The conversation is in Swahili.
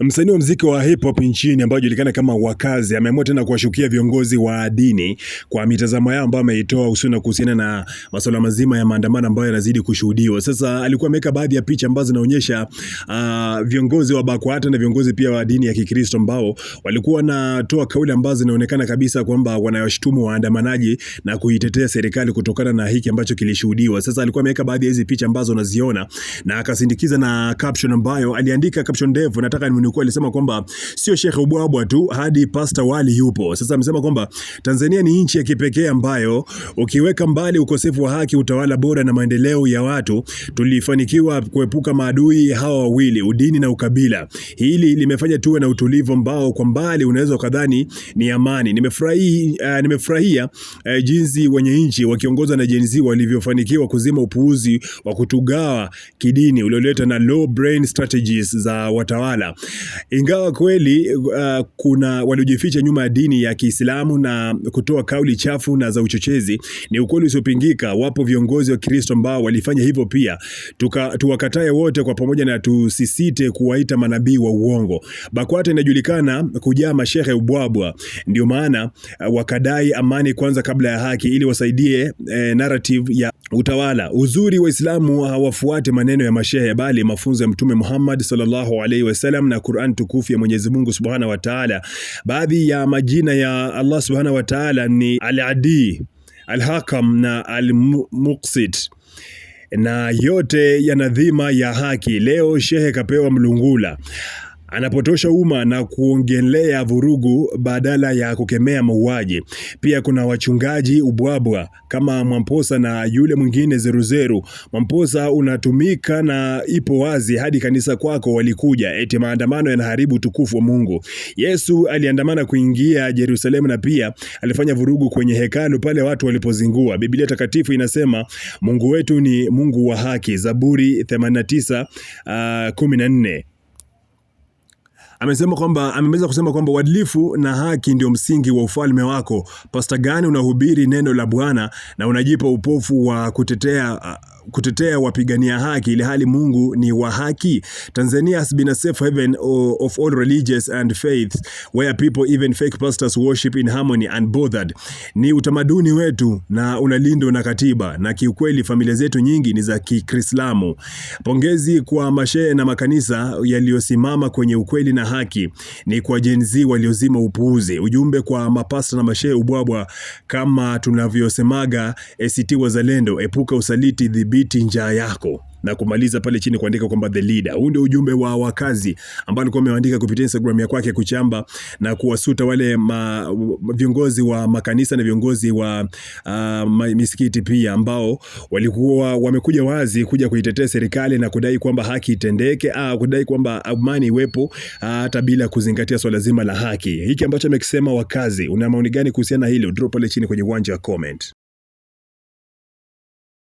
Msanii wa mziki wa hip hop nchini ambaye julikana kama Wakazi ameamua tena kuwashukia viongozi wa dini kwa mitazamo yao ambayo ameitoa hususan kuhusiana na masuala mazima ya maandamano ambayo yanazidi kushuhudiwa. Sasa alikuwa ameweka baadhi ya picha ambazo zinaonyesha uh, viongozi wa BAKWATA na viongozi pia wa dini ya Kikristo ambao walikuwa wanatoa kauli ambazo zinaonekana kabisa kwamba wanawashutumu waandamanaji na kuitetea serikali kutokana na hiki ambacho kilishuhudiwa. Sasa alikuwa ameweka baadhi ya hizi picha ambazo unaziona na akasindikiza na caption ambayo aliandika caption ndefu nataka ni mnukuu, alisema kwamba sio Sheikh Ubwabwa tu, hadi Pasta Wali yupo. Sasa amesema kwamba Tanzania ni nchi ya kipekee ambayo ukiweka mbali ukosefu wa haki, utawala bora na maendeleo ya watu, tulifanikiwa kuepuka maadui hawa wawili, udini na ukabila. Hili limefanya tuwe na utulivu ambao kwa mbali unaweza ukadhani ni amani. Nimefurahi, uh, nimefurahia uh, jinsi wenye nchi wakiongozwa na Gen Z walivyofanikiwa kuzima upuuzi wa kutugawa kidini ulioleta na low brain strategies za watawala. Ingawa kweli uh, kuna waliojificha nyuma ya dini ya Kiislamu na kutoa kauli chafu na za uchochezi, ni ukweli usiopingika, wapo viongozi wa Kristo ambao walifanya hivyo pia. Tuka, tuwakatae wote kwa pamoja na tusisite kuwaita manabii wa uongo. BAKWATA inajulikana kujaa mashehe ubwabwa, ndio maana uh, wakadai amani kwanza kabla ya haki ili wasaidie eh, narrative ya utawala. Uzuri Waislamu hawafuati maneno ya mashehe bali mafunzo ya Mtume Muhammad sallallahu alaihi wasallam na Qur'an tukufu ya Mwenyezi Mungu Subhanahu wa Ta'ala. Baadhi ya majina ya Allah Subhanahu wa Ta'ala ni Al-Adi, Al-Hakam na Al-Muqsit na yote yana dhima ya haki. Leo shehe kapewa mlungula anapotosha umma na kuongelea vurugu badala ya kukemea mauaji. Pia kuna wachungaji ubwabwa kama Mwamposa na yule mwingine Zeruzeru. Mwamposa unatumika na ipo wazi hadi kanisa kwako walikuja, eti maandamano yanaharibu utukufu wa Mungu. Yesu aliandamana kuingia Yerusalemu na pia alifanya vurugu kwenye hekalu pale watu walipozingua. Biblia takatifu inasema Mungu wetu ni Mungu wa haki, Zaburi 89 uh, 14 amesema kwamba ameweza kusema kwamba uadilifu na haki ndio msingi wa ufalme wako. Pasta gani unahubiri neno la Bwana na unajipa upofu wa kutetea kutetea wapigania haki ili hali Mungu ni wa haki. Tanzania has been a safe haven uh, of all religious and faiths where people even fake pastors worship in harmony and bothered. Ni utamaduni wetu na unalindwa na katiba na kiukweli familia zetu nyingi ni za Kikrislamu. Pongezi kwa mashehe na makanisa yaliyosimama kwenye ukweli na haki. Ni kwa Gen Z waliozima upuuzi. Ujumbe kwa mapasta na mashehe ubwabwa, kama tunavyosemaga ACT Wazalendo, epuka usaliti, dhibiti kudhibiti njaa yako na kumaliza pale chini kuandika kwamba the leader. Huu ndio ujumbe wa wakazi ambao alikuwa ameandika kupitia Instagram ya kwake kuchamba na kuwasuta wale ma, viongozi wa makanisa na viongozi wa uh, misikiti pia ambao walikuwa wamekuja wazi kuja kuitetea serikali na kudai kwamba haki itendeke, ah, kudai kwamba amani iwepo ah, hata bila kuzingatia swala zima la haki. Hiki ambacho amekisema wakazi, una maoni gani kuhusiana na hilo? Drop pale chini kwenye uwanja wa comment.